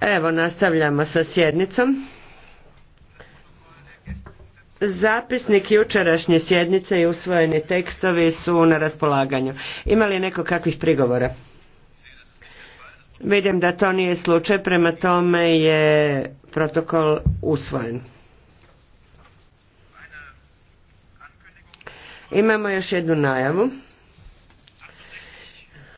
Evo, nastavljamo sa sjednicom. Zapisnik jučerašnje sjednice i usvojeni tekstovi su na raspolaganju. Ima li neko kakvih prigovora? Vidim da to nije slučaj, prema tome je protokol usvojen. Imamo još jednu najavu.